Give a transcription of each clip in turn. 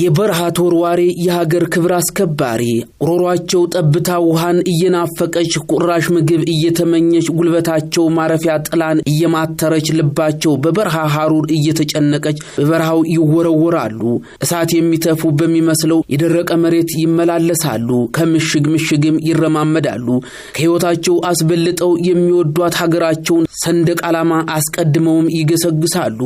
የበረሃ ተወርዋሪ የሀገር ክብር አስከባሪ ሮሯቸው ጠብታ ውሃን እየናፈቀች ቁራሽ ምግብ እየተመኘች ጉልበታቸው ማረፊያ ጥላን እየማተረች ልባቸው በበረሃ ሐሩር እየተጨነቀች በበረሃው ይወረወራሉ። እሳት የሚተፉ በሚመስለው የደረቀ መሬት ይመላለሳሉ። ከምሽግ ምሽግም ይረማመዳሉ። ከሕይወታቸው አስበልጠው የሚወዷት ሀገራቸውን ሰንደቅ ዓላማ አስቀድመውም ይገሰግሳሉ።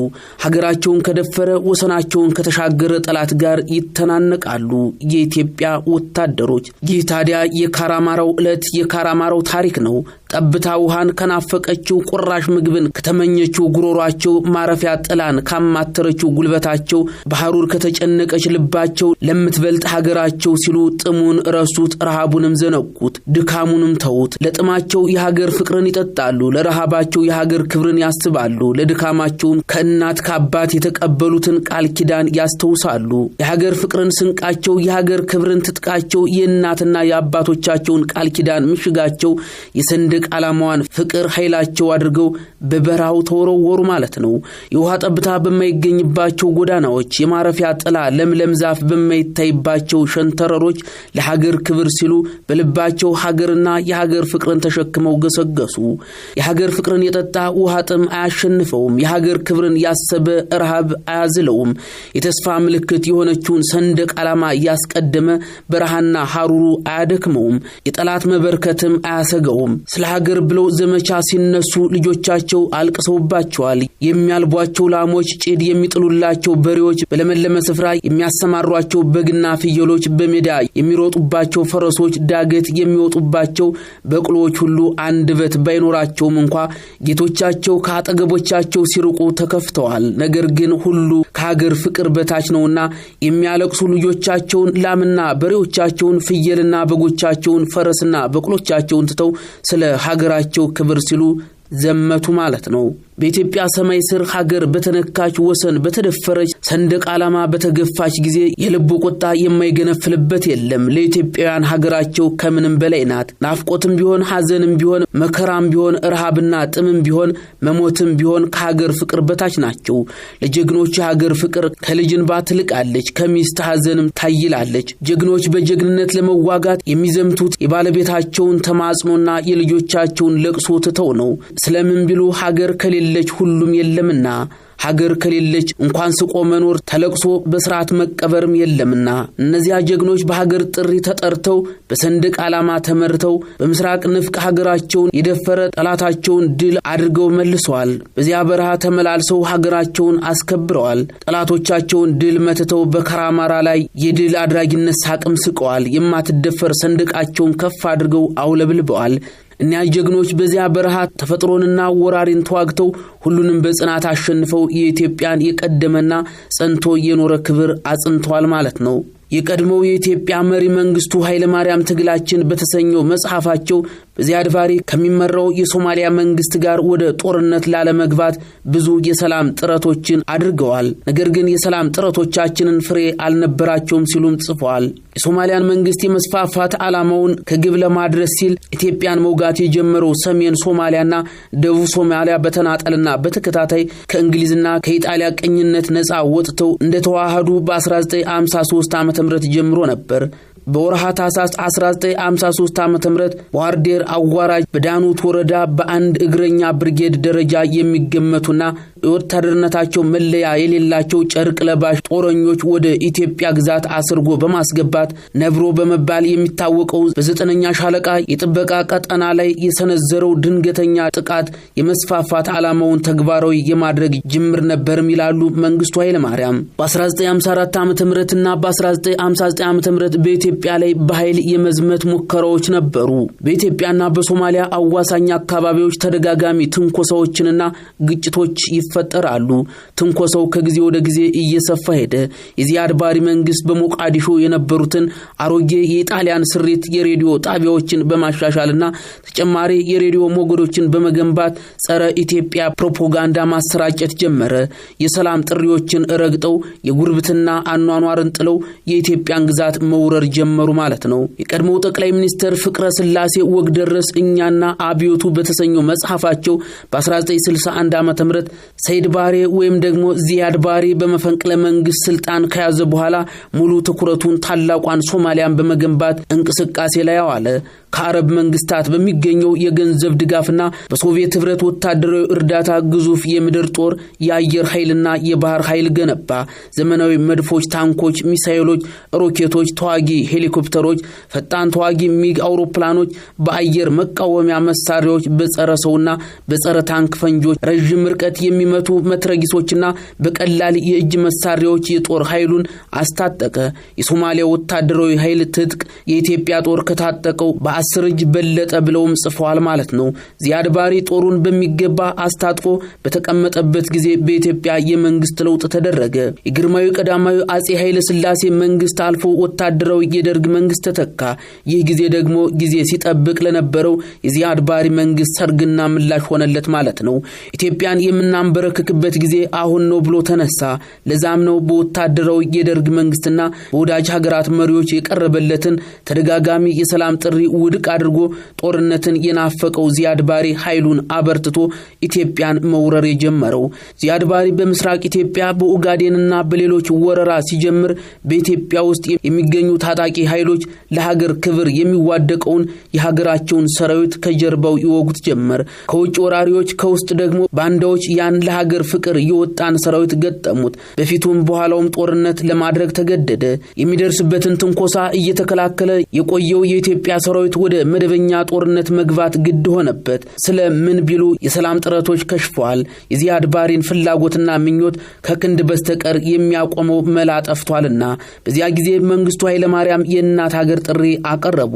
ሀገራቸውን ከደፈረ ወሰናቸውን ከተሻገረ ጠላት ጋር ጋር ይተናነቃሉ የኢትዮጵያ ወታደሮች። ይህ ታዲያ የካራማራው ዕለት የካራማራው ታሪክ ነው። ጠብታ ውሃን ከናፈቀችው ቁራሽ ምግብን ከተመኘችው ጉሮሯቸው ማረፊያ ጥላን ካማተረችው ጉልበታቸው በሐሩር ከተጨነቀች ልባቸው ለምትበልጥ ሀገራቸው ሲሉ ጥሙን ረሱት፣ ረሃቡንም ዘነቁት፣ ድካሙንም ተዉት። ለጥማቸው የሀገር ፍቅርን ይጠጣሉ፣ ለረሃባቸው የሀገር ክብርን ያስባሉ፣ ለድካማቸውም ከእናት ከአባት የተቀበሉትን ቃል ኪዳን ያስተውሳሉ። የሀገር ፍቅርን ስንቃቸው፣ የሀገር ክብርን ትጥቃቸው፣ የእናትና የአባቶቻቸውን ቃል ኪዳን ምሽጋቸው፣ የሰንደቅ ሰንደቅ ዓላማዋን ፍቅር ኃይላቸው አድርገው በበረሃው ተወረወሩ ማለት ነው። የውሃ ጠብታ በማይገኝባቸው ጎዳናዎች፣ የማረፊያ ጥላ ለምለም ዛፍ በማይታይባቸው ሸንተረሮች ለሀገር ክብር ሲሉ በልባቸው ሀገርና የሀገር ፍቅርን ተሸክመው ገሰገሱ። የሀገር ፍቅርን የጠጣ ውሃ ጥም አያሸንፈውም። የሀገር ክብርን ያሰበ ረሃብ አያዝለውም። የተስፋ ምልክት የሆነችውን ሰንደቅ ዓላማ እያስቀደመ በረሃና ሐሩሩ አያደክመውም። የጠላት መበርከትም አያሰገውም። ስለ ሀገር ብለው ዘመቻ ሲነሱ ልጆቻቸው አልቅሰውባቸዋል። የሚያልቧቸው ላሞች፣ ጭድ የሚጥሉላቸው በሬዎች፣ በለመለመ ስፍራ የሚያሰማሯቸው በግና ፍየሎች፣ በሜዳ የሚሮጡባቸው ፈረሶች፣ ዳገት የሚወጡባቸው በቅሎዎች ሁሉ አንደበት ባይኖራቸውም እንኳ ጌቶቻቸው ከአጠገቦቻቸው ሲርቁ ተከፍተዋል። ነገር ግን ሁሉ ከሀገር ፍቅር በታች ነውና የሚያለቅሱ ልጆቻቸውን ላምና በሬዎቻቸውን፣ ፍየልና በጎቻቸውን፣ ፈረስና በቅሎቻቸውን ትተው ስለ ለሀገራቸው ክብር ሲሉ ዘመቱ ማለት ነው። በኢትዮጵያ ሰማይ ስር ሀገር በተነካች ወሰን በተደፈረች ሰንደቅ ዓላማ በተገፋች ጊዜ የልቡ ቁጣ የማይገነፍልበት የለም። ለኢትዮጵያውያን ሀገራቸው ከምንም በላይ ናት። ናፍቆትም ቢሆን ሐዘንም ቢሆን መከራም ቢሆን ረሃብና ጥምም ቢሆን መሞትም ቢሆን ከሀገር ፍቅር በታች ናቸው። ለጀግኖች የሀገር ፍቅር ከልጅ እንባ ትልቃለች፣ ከሚስት ሐዘንም ታይላለች። ጀግኖች በጀግንነት ለመዋጋት የሚዘምቱት የባለቤታቸውን ተማጽኖና የልጆቻቸውን ለቅሶ ትተው ነው። ስለምን ቢሉ ሀገር ከሌለ ከሌለች ሁሉም የለምና ሀገር ከሌለች እንኳን ስቆ መኖር ተለቅሶ በስርዓት መቀበርም የለምና እነዚያ ጀግኖች በሀገር ጥሪ ተጠርተው በሰንደቅ ዓላማ ተመርተው በምስራቅ ንፍቅ ሀገራቸውን የደፈረ ጠላታቸውን ድል አድርገው መልሰዋል። በዚያ በረሃ ተመላልሰው ሀገራቸውን አስከብረዋል። ጠላቶቻቸውን ድል መትተው በካራማራ ላይ የድል አድራጊነት ሳቅም ስቀዋል። የማትደፈር ሰንደቃቸውን ከፍ አድርገው አውለብልበዋል። እኒያ ጀግኖች በዚያ በረሃ ተፈጥሮንና ወራሪን ተዋግተው ሁሉንም በጽናት አሸንፈው የኢትዮጵያን የቀደመና ጸንቶ የኖረ ክብር አጽንተዋል ማለት ነው። የቀድሞው የኢትዮጵያ መሪ መንግስቱ ኃይለማርያም ትግላችን በተሰኘው መጽሐፋቸው በዚያድ ባሬ ከሚመራው የሶማሊያ መንግስት ጋር ወደ ጦርነት ላለመግባት ብዙ የሰላም ጥረቶችን አድርገዋል። ነገር ግን የሰላም ጥረቶቻችንን ፍሬ አልነበራቸውም ሲሉም ጽፏል። የሶማሊያን መንግስት የመስፋፋት ዓላማውን ከግብ ለማድረስ ሲል ኢትዮጵያን መውጋት የጀመረው ሰሜን ሶማሊያና ደቡብ ሶማሊያ በተናጠልና በተከታታይ ከእንግሊዝና ከኢጣሊያ ቀኝነት ነፃ ወጥተው እንደተዋሃዱ በ1953 ዓ ም ጀምሮ ነበር። በወርሃ ታህሳስ 1953 ዓ ም ዋርዴር አዋራጅ በዳኑት ወረዳ በአንድ እግረኛ ብርጌድ ደረጃ የሚገመቱና የወታደርነታቸው መለያ የሌላቸው ጨርቅ ለባሽ ጦረኞች ወደ ኢትዮጵያ ግዛት አስርጎ በማስገባት ነብሮ በመባል የሚታወቀው በዘጠነኛ ሻለቃ የጥበቃ ቀጠና ላይ የሰነዘረው ድንገተኛ ጥቃት የመስፋፋት ዓላማውን ተግባራዊ የማድረግ ጅምር ነበርም ይላሉ መንግስቱ ኃይለማርያም። በ1954 ዓ ምና በ1959 ዓ ም በኢትዮጵያ ላይ በኃይል የመዝመት ሙከራዎች ነበሩ። በኢትዮጵያና በሶማሊያ አዋሳኝ አካባቢዎች ተደጋጋሚ ትንኮሳዎችንና ግጭቶች ይፈ ይፈጠራሉ። ትንኮሰው ከጊዜ ወደ ጊዜ እየሰፋ ሄደ። የዚያድ ባሪ መንግስት በሞቃዲሾ የነበሩትን አሮጌ የጣሊያን ስሪት የሬዲዮ ጣቢያዎችን በማሻሻልና ተጨማሪ የሬዲዮ ሞገዶችን በመገንባት ጸረ ኢትዮጵያ ፕሮፓጋንዳ ማሰራጨት ጀመረ። የሰላም ጥሪዎችን ረግጠው የጉርብትና አኗኗርን ጥለው የኢትዮጵያን ግዛት መውረር ጀመሩ ማለት ነው። የቀድሞው ጠቅላይ ሚኒስትር ፍቅረ ስላሴ ወግደረስ እኛና አብዮቱ በተሰኘው መጽሐፋቸው በ1961 ዓ ም ሰይድ ባሬ ወይም ደግሞ ዚያድ ባሬ በመፈንቅለ መንግስት ስልጣን ከያዘ በኋላ ሙሉ ትኩረቱን ታላቋን ሶማሊያን በመገንባት እንቅስቃሴ ላይ አዋለ። ከአረብ መንግስታት በሚገኘው የገንዘብ ድጋፍና በሶቪየት ህብረት ወታደራዊ እርዳታ ግዙፍ የምድር ጦር፣ የአየር ኃይልና የባህር ኃይል ገነባ። ዘመናዊ መድፎች፣ ታንኮች፣ ሚሳይሎች፣ ሮኬቶች፣ ተዋጊ ሄሊኮፕተሮች፣ ፈጣን ተዋጊ ሚግ አውሮፕላኖች፣ በአየር መቃወሚያ መሳሪያዎች፣ በጸረ ሰውና በጸረ ታንክ ፈንጆች፣ ረዥም ርቀት የሚመቱ መትረጊሶችና በቀላል የእጅ መሳሪያዎች የጦር ኃይሉን አስታጠቀ። የሶማሊያ ወታደራዊ ኃይል ትጥቅ የኢትዮጵያ ጦር ከታጠቀው በ አስር እጅ በለጠ ብለውም ጽፈዋል ማለት ነው። ዚያድ ጦሩን በሚገባ አስታጥቆ በተቀመጠበት ጊዜ በኢትዮጵያ የመንግስት ለውጥ ተደረገ። የግርማዊ ቀዳማዊ አጼ ኃይለ ሥላሴ መንግስት አልፎ ወታደራዊ የደርግ መንግስት ተተካ። ይህ ጊዜ ደግሞ ጊዜ ሲጠብቅ ለነበረው የዚያድ ባሪ መንግስት ሰርግና ምላሽ ሆነለት ማለት ነው። ኢትዮጵያን የምናንበረክክበት ጊዜ አሁን ነው ብሎ ተነሳ። ለዛም ነው በወታደራዊ የደርግ መንግስትና በወዳጅ ሀገራት መሪዎች የቀረበለትን ተደጋጋሚ የሰላም ጥሪ ውድ ውድቅ አድርጎ ጦርነትን የናፈቀው ዚያድ ባሪ ኃይሉን አበርትቶ ኢትዮጵያን መውረር የጀመረው። ዚያድ ባሪ በምስራቅ ኢትዮጵያ በኡጋዴንና በሌሎች ወረራ ሲጀምር በኢትዮጵያ ውስጥ የሚገኙ ታጣቂ ኃይሎች ለሀገር ክብር የሚዋደቀውን የሀገራቸውን ሰራዊት ከጀርባው ይወጉት ጀመር። ከውጭ ወራሪዎች፣ ከውስጥ ደግሞ ባንዳዎች ያን ለሀገር ፍቅር የወጣን ሰራዊት ገጠሙት። በፊቱም በኋላውም ጦርነት ለማድረግ ተገደደ። የሚደርስበትን ትንኮሳ እየተከላከለ የቆየው የኢትዮጵያ ሰራዊት ወደ መደበኛ ጦርነት መግባት ግድ ሆነበት። ስለ ምን ቢሉ የሰላም ጥረቶች ከሽፈዋል። የዚያድ ባሪን ፍላጎትና ምኞት ከክንድ በስተቀር የሚያቆመው መላ ጠፍቷልና በዚያ ጊዜ መንግስቱ ኃይለማርያም የእናት ሀገር ጥሪ አቀረቡ።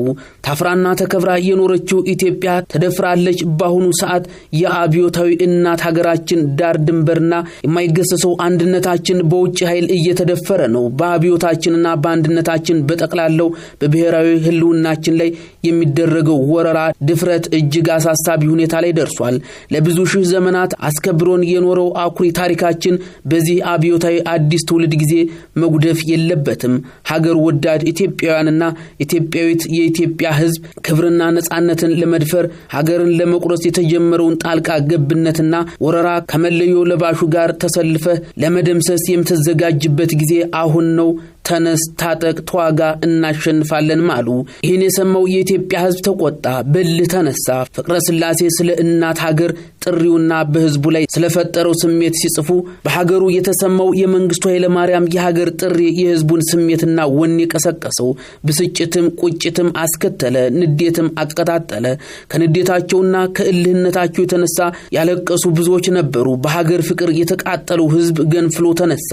ታፍራና ተከብራ የኖረችው ኢትዮጵያ ተደፍራለች። በአሁኑ ሰዓት የአብዮታዊ እናት ሀገራችን ዳር ድንበርና የማይገሰሰው አንድነታችን በውጭ ኃይል እየተደፈረ ነው። በአብዮታችንና በአንድነታችን በጠቅላለው በብሔራዊ ህልውናችን ላይ የሚደረገው ወረራ ድፍረት እጅግ አሳሳቢ ሁኔታ ላይ ደርሷል። ለብዙ ሺህ ዘመናት አስከብሮን የኖረው አኩሪ ታሪካችን በዚህ አብዮታዊ አዲስ ትውልድ ጊዜ መጉደፍ የለበትም። ሀገር ወዳድ ኢትዮጵያውያንና ኢትዮጵያዊት የኢትዮጵያ ሕዝብ ክብርና ነጻነትን ለመድፈር ሀገርን ለመቁረስ የተጀመረውን ጣልቃ ገብነትና ወረራ ከመለዮ ለባሹ ጋር ተሰልፈህ ለመደምሰስ የምትዘጋጅበት ጊዜ አሁን ነው። ተነስ፣ ታጠቅ፣ ተዋጋ፣ እናሸንፋለን አሉ። ይህን የሰማው የኢትዮጵያ ሕዝብ ተቆጣ፣ ብል ተነሳ። ፍቅረ ሥላሴ ስለ እናት ሀገር ጥሪውና በሕዝቡ ላይ ስለፈጠረው ስሜት ሲጽፉ በሀገሩ የተሰማው የመንግስቱ ኃይለማርያም የሀገር ጥሪ የሕዝቡን ስሜትና ወኔ ቀሰቀሰው። ብስጭትም ቁጭትም አስከተለ፣ ንዴትም አቀጣጠለ። ከንዴታቸውና ከእልህነታቸው የተነሳ ያለቀሱ ብዙዎች ነበሩ። በሀገር ፍቅር የተቃጠለው ሕዝብ ገንፍሎ ተነሳ።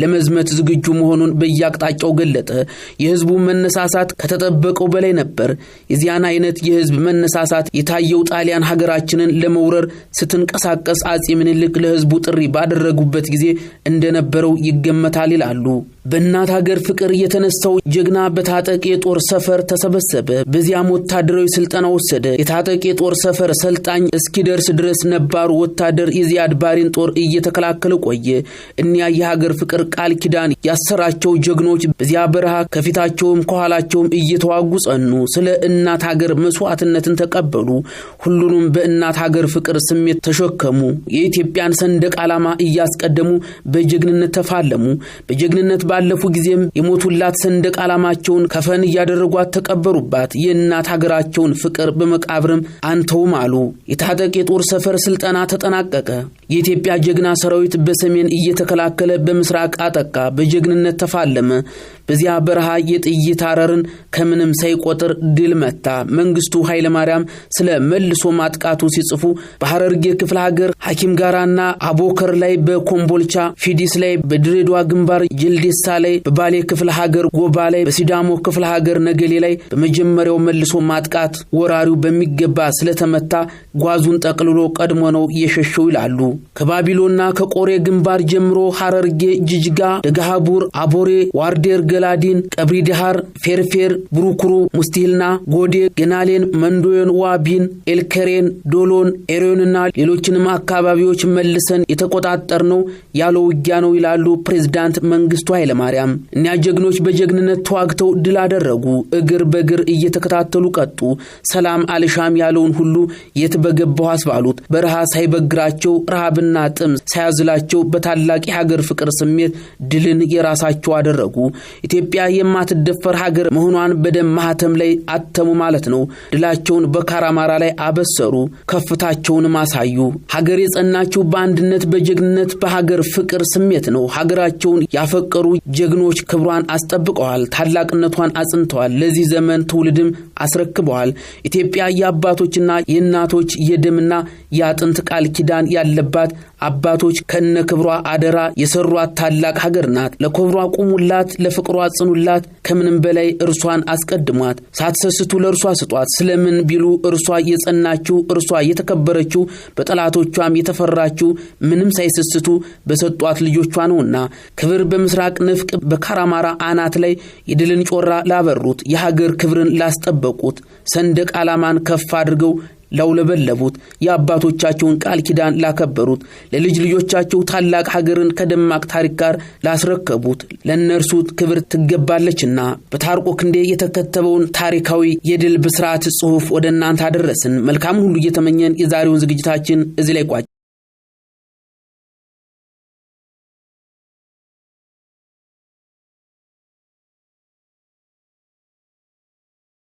ለመዝመት ዝግጁ መሆኑን በያ አቅጣጫው ገለጠ። የህዝቡ መነሳሳት ከተጠበቀው በላይ ነበር። የዚያን አይነት የህዝብ መነሳሳት የታየው ጣሊያን ሀገራችንን ለመውረር ስትንቀሳቀስ አጼ ምኒልክ ለህዝቡ ጥሪ ባደረጉበት ጊዜ እንደነበረው ይገመታል ይላሉ። በእናት ሀገር ፍቅር የተነሳው ጀግና በታጠቅ የጦር ሰፈር ተሰበሰበ። በዚያም ወታደራዊ ስልጠና ወሰደ። የታጠቅ የጦር ሰፈር ሰልጣኝ እስኪደርስ ድረስ ነባሩ ወታደር የዚያድ ባሪን ጦር እየተከላከለ ቆየ። እኒያ የሀገር ፍቅር ቃል ኪዳን ያሰራቸው ጀግኖች በዚያ በረሃ ከፊታቸውም ከኋላቸውም እየተዋጉ ጸኑ። ስለ እናት ሀገር መስዋዕትነትን ተቀበሉ። ሁሉንም በእናት ሀገር ፍቅር ስሜት ተሸከሙ። የኢትዮጵያን ሰንደቅ ዓላማ እያስቀደሙ በጀግንነት ተፋለሙ። በጀግንነት ባለፉ ጊዜም የሞቱላት ሰንደቅ ዓላማቸውን ከፈን እያደረጓት ተቀበሩባት። የእናት ሀገራቸውን ፍቅር በመቃብርም አንተውም አሉ። የታጠቅ የጦር ሰፈር ስልጠና ተጠናቀቀ። የኢትዮጵያ ጀግና ሰራዊት በሰሜን እየተከላከለ በምስራቅ አጠቃ፣ በጀግንነት ተፋለመ። በዚያ በረሃ የጥይት አረርን ከምንም ሳይቆጥር ድል መታ። መንግስቱ ኃይለማርያም ስለ መልሶ ማጥቃቱ ሲጽፉ በሐረርጌ ክፍለ ሀገር ሐኪም ጋራና አቦከር ላይ፣ በኮምቦልቻ ፊዲስ ላይ፣ በድሬዷ ግንባር ጀልዴሳ ላይ፣ በባሌ ክፍለ ሀገር ጎባ ላይ፣ በሲዳሞ ክፍለ ሀገር ነገሌ ላይ በመጀመሪያው መልሶ ማጥቃት ወራሪው በሚገባ ስለተመታ ጓዙን ጠቅልሎ ቀድሞ ነው የሸሸው ይላሉ። ከባቢሎና ከቆሬ ግንባር ጀምሮ ሐረርጌ፣ ጅጅጋ፣ ደጋሃቡር፣ አቦሬ፣ ዋርዴር፣ ገላዲን፣ ቀብሪ ድሃር፣ ፌርፌር፣ ብሩኩሩ ሙስቲልና፣ ጎዴ፣ ገናሌን፣ መንዶዮን፣ ዋቢን፣ ኤልከሬን፣ ዶሎን፣ ኤሬዮንና ሌሎችንም አካባቢዎች መልሰን ነው ያለ ውጊያ ነው ይላሉ ፕሬዝዳንት መንግስቱ ኃይለማርያም። እኒያ ጀግኖች በጀግንነት ተዋግተው ድል አደረጉ። እግር በእግር እየተከታተሉ ቀጡ። ሰላም አልሻም ያለውን ሁሉ የት በገባው አስባሉት። በረሃ ሳይበግራቸው ረሃ ረሃብና ጥም ሳያዝላቸው በታላቅ የሀገር ፍቅር ስሜት ድልን የራሳቸው አደረጉ። ኢትዮጵያ የማትደፈር ሀገር መሆኗን በደም ማህተም ላይ አተሙ ማለት ነው። ድላቸውን በካራማራ ላይ አበሰሩ፣ ከፍታቸውን አሳዩ። ሀገር የጸናችው በአንድነት በጀግንነት በሀገር ፍቅር ስሜት ነው። ሀገራቸውን ያፈቀሩ ጀግኖች ክብሯን አስጠብቀዋል፣ ታላቅነቷን አጽንተዋል። ለዚህ ዘመን ትውልድም አስረክበዋል። ኢትዮጵያ የአባቶችና የእናቶች የደምና የአጥንት ቃል ኪዳን ያለባት ያለባት አባቶች ከነ ክብሯ አደራ የሰሯት ታላቅ ሀገር ናት። ለክብሯ ቁሙላት፣ ለፍቅሯ ጽኑላት። ከምንም በላይ እርሷን አስቀድሟት። ሳትሰስቱ ለእርሷ ስጧት። ስለምን ቢሉ እርሷ የጸናችው፣ እርሷ የተከበረችው፣ በጠላቶቿም የተፈራችው ምንም ሳይሰስቱ በሰጧት ልጆቿ ነውና ክብር በምስራቅ ንፍቅ በካራማራ አናት ላይ የድልን ጮራ ላበሩት፣ የሀገር ክብርን ላስጠበቁት፣ ሰንደቅ ዓላማን ከፍ አድርገው ላውለበለቡት የአባቶቻቸውን ቃል ኪዳን ላከበሩት ለልጅ ልጆቻቸው ታላቅ ሀገርን ከደማቅ ታሪክ ጋር ላስረከቡት ለእነርሱ ክብር ትገባለችና በታርቆ ክንዴ የተከተበውን ታሪካዊ የድል ብስራት ጽሑፍ ወደ እናንተ አደረስን። መልካም ሁሉ እየተመኘን የዛሬውን ዝግጅታችን እዚህ ላይ ቋጭ